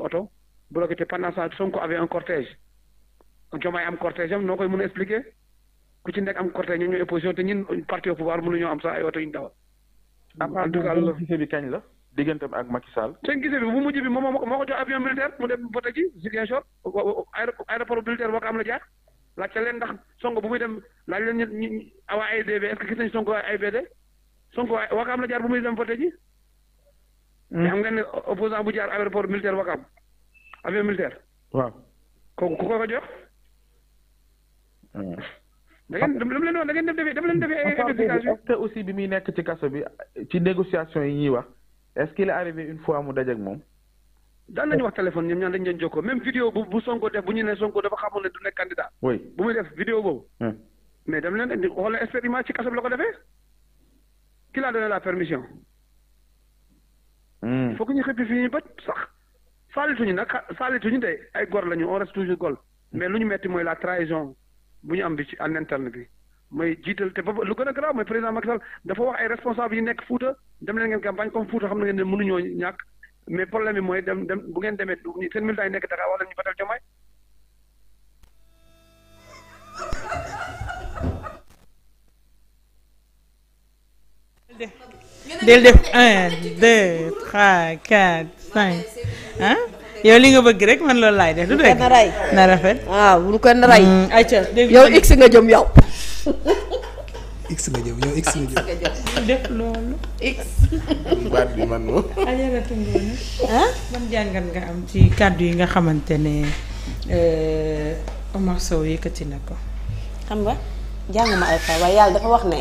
oto bloqué te pendant ça Sonko avait un cortège Diomaye am cortège am noo koy mën a ku ci nekk am cortège ñoom ñooy opposition te ñun parti au pouvoir mënuñoo am sax ay oto yu ñu dawal. en tout cas loolu gisee bi kañ la digganteem ak Macky Sall. seen gisee bi bu mujj bi moom moo ko jox avion militaire mu dem vote ji Ziguinchor aéroport militaire boo la jaar laajte leen ndax Sonko bu muy dem laaj leen ñu ñu waa AIBD est-ce que gis nañ Sonko waa Sonko waa am la jaar bu dem vote mais xam hmm. ngeen ne opposant bu jaar aéroport militaire Wakam avion militaire. waaw kooku ku ko ko jox. Hmm. da ngeen da ngeen doon da ngeen defee dam leen defee ay investigation. est aussi bi muy nekk ci kaso bi ci négociation yi ñuy wax est-ce qu'il arrivé une fois mu dajeeg moom. daan nañu wax téléphone ñoom ñaan dañu leen jokkoo même vidéo bu bu Sonko def bu ñu nee Sonko dafa xamoon ne du nekk candidat. oui bu muy def vidéo boobu. Hmm. mais dam leen di xoolal expériment ci kaso bi ko defee. qui l'a la permission. Mm. il faut que ñu xëppi suñuy bët sax saalituñu nag saalituñu de ay gor lañu on reste toujours gol mais lu ñu metti mooy la trahison bu ñu am bi ci en interne bi mooy jiital te ba lu gën a garaaw mooy président Macky Sall dafa wax ay responsable yi nekk Fouta dem ne ngeen campagne comme Fouta xam na ngeen ne mënuñoo ñàkk mais problème bi mooy dem dem bu ngeen demee seen militants yi nekk Dakar wala ñu batal Diomaye del def un deux trois quatre cinq ah yow li nga bëgg rek man loolu laay de du dëgg. na rafet waaw ah, bu ko na ray mm. ayca yow nga jëm yow. x nga jëm yow x nga jëm. def loolu x. baat bi jàngat nga am ci kàddu yi nga xamante ne euh, Omar Sow yëkkati na ko. xam nga jàng ma ay waaye yàlla dafa wax ne.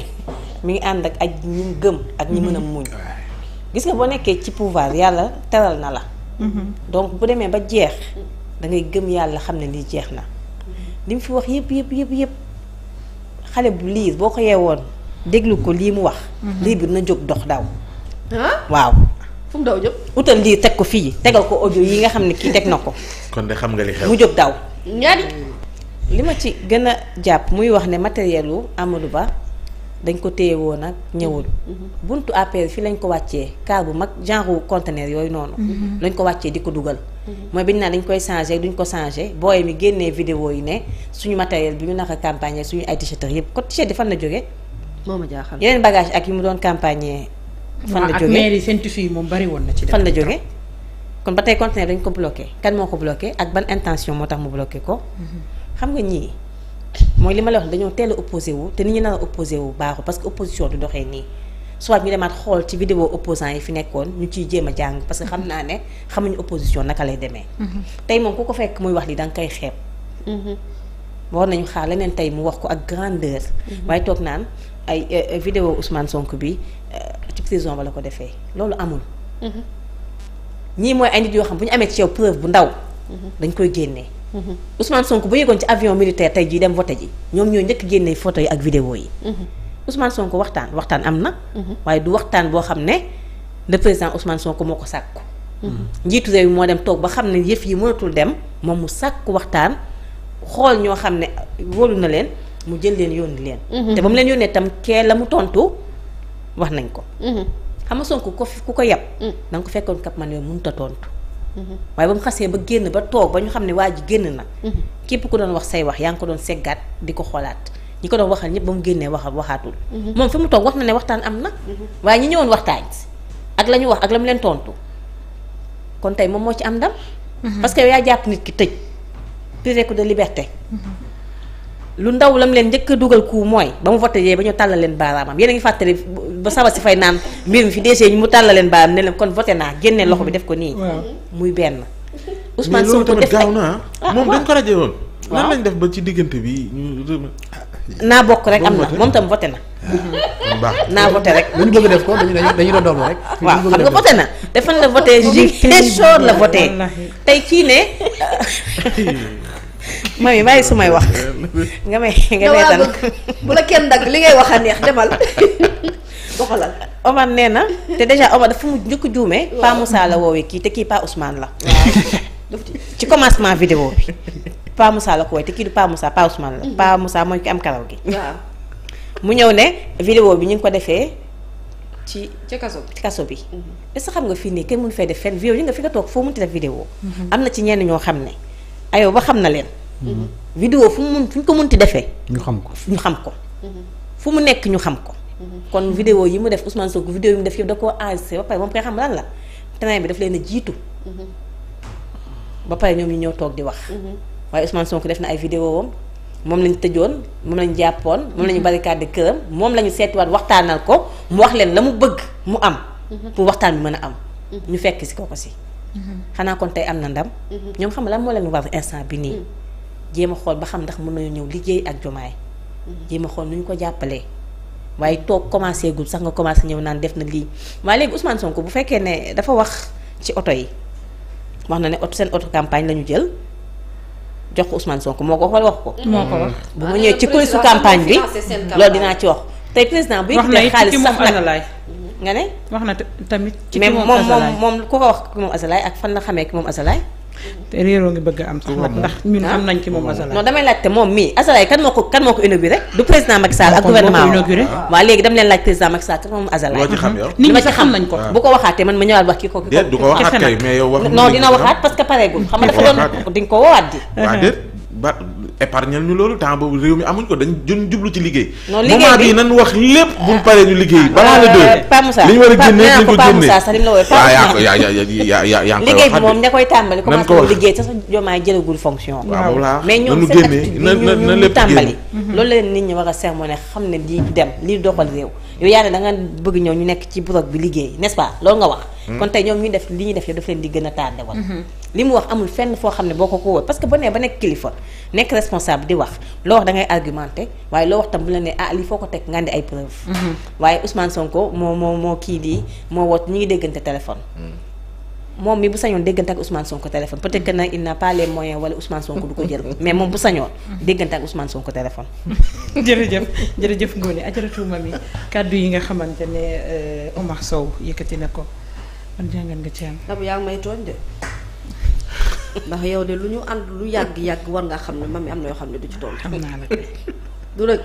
mi ngi ànd ak aj ñu gëm ak ñi mën a muñ mm-hmm. gis nga boo nekkee ci pouvoir yàlla teral na la mm-hmm. donc bu demee ba jeex dangay gëm yàlla xam ne lii jeex na mm-hmm. li mu fi wax yëpp yëpp yëpp yëpp xale bu lii boo ko yeewoon déglu ko lii mu wax lii bi na jóg dox daw waaw fu mu daw jóg utal teg ko fii tegal ko audio yi nga xam ne kii teg na ko kon xam nga li xew mu jóg daw li ma ci gën a jàpp muy wax ne matérielu Amadou Ba dañ ko téye woon nag ñëwul. Mhm. buntu APR fi lañ ko wàccee car bu mag genre conteneur yooyu noonu. Mhm. lañ ko wàccee di ko dugal. Mhm. mooy biñ naa dañ koy changé duñ ko changé booy mi génnee vidéo yi ne suñu matériel bi ñu naka campagne suñu ay t-shirt yëpp ko t-shirt fan la jógee. moo ma jaaxal yeneen bagage ak yi mu doon campagne fan la jógee yi seen tissu moom bari woon na ci. fan la jóge kon ba tey conteneur dañ ko bloqué kan moo ko bloqué ak ban intention moo tax mu bloqué ko. xam nga ñii. mooy li ma la wax dañoo teel a wu te nit ñi nar a opposé wu baaxu parce que opposition du doxee nii soit ñu demaat xool ci vidéo opposant yi fi nekkoon ñu ciy jéem a jàng parce que xam naa ne xamuñu opposition naka lay demee. Mm-hmm. tey moom ku ko fekk muy wax li da nga koy xeeb. Mm-hmm. war nañu xaar leneen tey mu wax ko ak grandeur. Mm-hmm. waaye toog naan ay eh, eh, vidéo Ousmane sonk bi eh, ci prison ba la ko defee loolu amul. ñii mooy ay nit yoo xam bu ñu amee ci yow preuve bu ndaw. dañ koy génnee. Mm-hmm. Ousmane Sonko bu yëgoon ci avion militaire tey jii dem voté ji ñoom ñoo njëkk génnee photo yi ak vidéo yi. Mm-hmm. Ousmane Sonko waxtaan waxtaan am na. Mm-hmm. waaye du waxtaan boo xam ne le président Ousmane Sonko moo ko sàkku. njiitu réew mi moo dem toog ba xam ne yëf yi mënatul dem moom mu sàkku waxtaan xool ñoo xam ne wóolu na leen mu jël leen yónni leen. te ba mu leen yónnee itam kee la mu tontu wax nañ ko. xam nga ku ko yab. Mm. da ko fekkoon kap yooyu mënut a tontu. waaye ba mu xasee ba génn ba toog ba ñu xam ne waa ji génn na. Mhm. képp ku doon wax say wax yaa ngi ko doon seggaat di ko xoolaat ñi ko doon waxal ñëpp ba mu génnee wax waxaatul. Mhm. moom fi mu toog wax na ne waxtaan am na. Mhm. waaye ñi ñëwoon waxtaan ak la ñu wax ak la mu leen tontu kon tey moom moo ci am ndam. parce que yaa jàpp nit ki tëj. privé de liberté. lu ndaw lam leen njëkk dugal coup mooy ba mu voté yee ba ñu tàllal leen baaraamam yéen a ngi fàttali ba saba si fay naan mbir mi fi dèjà ñu mu tàllaleen leen baaraam ne leen kon voté naa génne loxo bi def ko nii. muy benn. Ousmane Sonko def gaaw na ah. Ah, moom dañ ko rajo woon. nan def ba ci diggante bi ñu. naa bokk rek am na moom tam voté na. Ah, baax naa voté rek. dañu bëgg def ko dañu dañu doon doon rek. waaw xam nga voté na dafa la voté Ziguinchor la voté tey kii ne. mami bàyyi su may wax. nga may nga neetaan bu la kenn dagg li ngay wax a neex demal doxalal. Omar nee na te déjà Omar dafa mu njëkk juumee. waaw Pa la woowee kii te kii Pa Ousmane la. ci commencement vidéo bi Pa Moussa te kii du Pa Moussa la. Mm-hmm. Pa Moussa mooy ki am karaw gi. waaw mu ñëw ne. vidéo bi ñu ngi ko defee. ci ci kaso bi ci kaso mm-hmm. xam nga fii nii kenn mënu fay def fenn vidéo yi nga fi nga toog foo ti def vidéo. Mm-hmm. am na ci ñenn ñoo xam ne. ayoo ba xam na leen. Mhm. vidéo fu mu mun fu ñu ko munti defee. ñu xam ko ñu xam ko. Mhm. fu mu nekk ñu xam ko. Mhm. kon vidéo yi mu def Ousmane Sonko vidéo yi mu def yëpp da koo enregistré ba pare moom koy xam lan la terrain bi daf leen a jiitu. ba pare ñoom ñu ñëw toog di wax. waaye Ousmane Sonko def na ay vidéo wam moom lañu tëjoon moom lañu jàppoon moom lañu barricade këram moom lañu seetiwaat waxtaanal ko mu wax leen la mu bëgg mu am. pour waxtaan bi mën a am. ñu fekk si ko ko si. xanaa kon tey am na ndam. ñoom xam lan moo leen war instant bi nii. jéem a xool ba xam ndax mun nañu ñëw liggéey ak jomaay jéem a xool nu ñu ko jàppalee waaye toog commencé gul sax nga commencé ñëw naan def na lii waaye léegi Ousmane Sonko bu fekkee ne dafa wax ci oto yi wax na ne oto seen oto campagne la jël jox ko Ousmane Sonko moo ko wax wala wax ko. moo ko wax bu ma ñëwee ci koy su ah, campagne bi loolu dinaa ci wax. tey président bu yëkkatee xaalis sax nag nga ne. wax na tamit ci moom moom moom ku ko wax ki moom Azalaay ak fan la xamee ki moom Azalaay. te réeroo ngi bëgg am sax nag ndax ñun am nañ ci moom Azalaï non damay laajte moom mii Azalaï kan moo ko kan moo ko inauguré du président Macky Sall ak ah, gouvernement inauguré waaw léegi dama leen laaj président Macky Sall kan moom Azalaï loo ci xam nañ ko ah. bu ko waxaatee man ma ñëwaat wax kii ko déet ko waxaat dina ah. waxaat parce que pareegul xam nga dafa doon di ko woowaat di épargnel ñu loolu temps boobu réew mi amuñ ko dañ jun jublu ci liggéey moment bi nan wax lépp buñ paree ñu liggéey ah, balaa la dóor Pa war a génne nañ ko génne ah, yaa ngi koy liggéey bi moom koy tàmbali commencé liggéey sax jomaay jëlagul fonction waaw mais ñoom na na lépp tàmbali loolu leen nit ñi war a sermonné xam ne lii dem lii doxal réew yow yaa ne da nga bëgg ñëw ñu nekk ci brogue bi liggéey n'est-ce pas loolu nga wax hmm. kon te ñoom ñuy def li ñu def yow daf leen di gën a tardé wal hmm. li mu wax amul fenn foo xam ne boo ko ko wóor parce que ba ne ba nekk kilifa nekk responsable di wax loo wax da ngay waaye loo wax tam bu la ne ah lii foo ko teg nga andi ay preuve hmm. waaye Ousmane Sonko moo moo moo kii di moo woot ñi ngi déggante téléphone moom mi bu sañoon déggante ak Ousmane Sonko téléphone peut-être na nag il n'a pas les moyens wala Ousmane Sonko du ko jël mais moom bu sañoon déggante ak Ousmane Sonko téléphone. jërëjëf jërëjëf Ngoné ajaratu mami kàddu yi nga xamante ne euh, Omar Sow yëkkati na ko man jàngat nga ci am. ndax yaa ngi may tooñ de ndax yow de lu ñu ànd lu yàgg yàgg war nga xam ne mi am na yoo xam ne du ci tool. am naa la du rek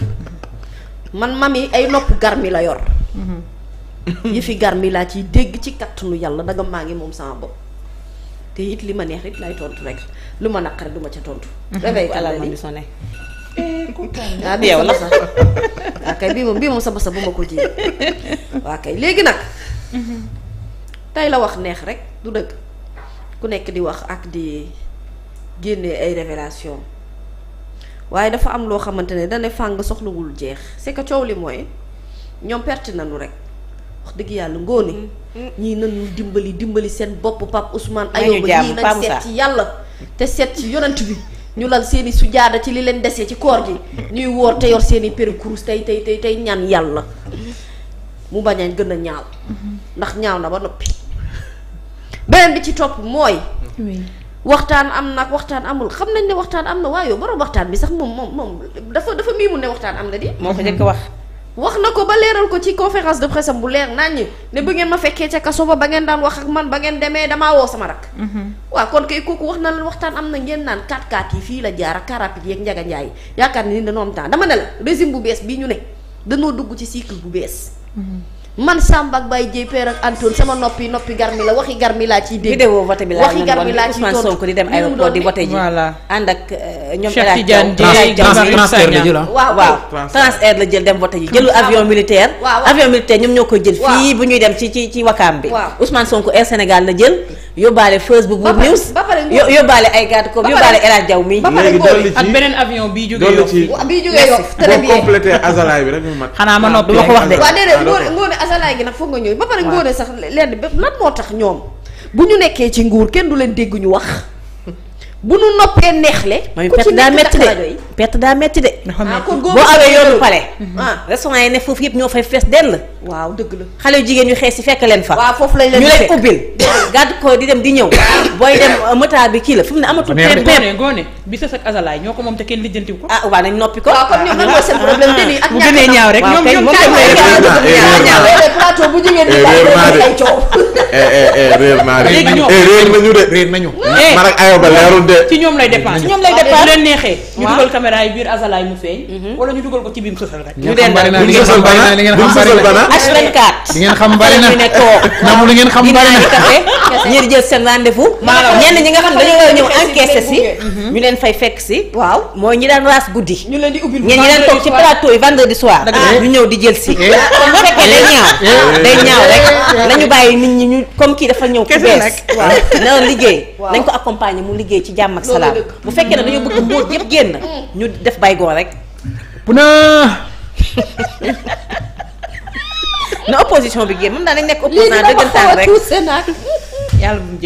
man mami ay nopp garmi la yor. Mhm. yi fi gar mi laa ciy dégg ci kattanu yàlla daga maa ngi moom sama bopp te it li ma neex it lay tontu rek lu ma naqare du ma ca tontu. réveil alal ma di sone eh, ah yow la sax ah, waaw kay sa basa bu ko ji waaw kay léegi nag mhm. tey la wax neex rek du dëkk ku nekk di wax ak di génne ay révélation waaye dafa am loo xamante ne dana fàng soxlawul jeex c'est que coow li mooy ñoom perte nañu rek wax dëgg yàlla ngóone mm, mm. ñii nañu dimbali dimbali seen bopp Pape Ousmane Ayoba ñii nañ seet ci yàlla te seet ci yonent bi ñu lal seen i sujaada ci li leen desee ci koor gi ñuy woor te yor seeni i péricrous tey tey tey tey ñaan yàlla mu bañ a gën a ñaaw ndax ñaaw na ba noppi beneen bi ci topp mooy waxtaan am nag waxtaan amul xam nañ ne waxtaan am na waaye borom waxtaan bi sax moom moom dafa dafa mii mu ne waxtaan am na di moo ko njëkk wax wax na ko ba leeral ko ci conférence de presse bu leer naññ ne ba ngeen ma fekkee ca kaso ba ba ngeen daan wax ak man ba ngeen demee damaa woo sama rak mhm. waaw kon kay kooku wax na la waxtaan am na ngeen naan 4 kaat yi fii la jaar ak carapit yeeg njaga njaay yaakaar ne ni dañoo am temps dama ne la régime bu bees bi ñu ne dañoo dugg ci cycle bu bees mhm. man Samba ak Baye Dieye Père ak Antoine sama noppi noppi garmi la waxi garmi laa ciy dégg. vidéo vote bi laa leen Ousmane Sonko di dem aéroport di vote ji. voilà ànd ak euh, ñoom. Cheikh Tidiane Dieye transfert la jël waaw waaw transfert la jël dem vote ji jëlu avion militaire. avion militaire ñoom ñoo koy jël. fii bu ñuy dem ci ci ci wakaam bi. Ousmane Sonko Air Sénégal la jël. yóbbaale first bu Buur News. ba pare yóbbaale ay gàtt koom yóbbaale El Hadj Diaw mii. ba pare ak azalaay bi nag foog nga ñëw ba pare ngoone sax lenn bépp lan moo tax ñoom bu ñu nekkee ci nguur kenn du leen dégg wax bu ñu noppee neexle. ku ci nekk ndax rajo yi mooy perte daa métti de perte daa métti de. boo awee yoonu pale restaurant yi ne foofu yëpp ñoo fay fees dell waaw dëgg la xale jigéen ñu xees si fekk leen fa waaw foofu lañ leen ñu leen ubbil gàddu ko di dem di ñëw booy dem motaar bi kii la fi mu ne amatul teen goone bi sës ak azalaay ñoo ko moom te kenn lijjantiw ko ah waaw nañ noppi ko waaw comme ñoom lan mooy seen problème te nii ak ñaaw rek ñoom ñoom ñaaw plateau bu jigéen ñi ay coow Eh, eh, eh, réer naa de. réer nañu de réer nañu. man ak ayoo ba leerul de. ci ñoom ñu dugal caméra yi biir azalaay mu mhm. ñu dugal ko ci ñu dee nag buñ sësal bana buñ sësal bana. H24. li ngeen xam bari na namu li ngeen xam bari na. nga xam dañoo ñëw encaissé si. ñu leen fay fekk si. waaw mooy ñi daan raas guddi. ñu ñi daan toog ci plateau vendredi soir. ñu ñëw di jël si. fekkee day ñaaw day ñaaw rek nañu bàyyi nit ñi ñi ñu comme kii dafa ñëw ku bees waaw na liggéey nañ ko accompagner mu liggéey ci jàmm ak salaam bu fekkee ne dañu bëgg mbóot yëpp génn mm. ñu def bay goor rek puna na opposition bi génn mën naa nañ nekk opposant dëggantaan rek yàlla bu mu jeex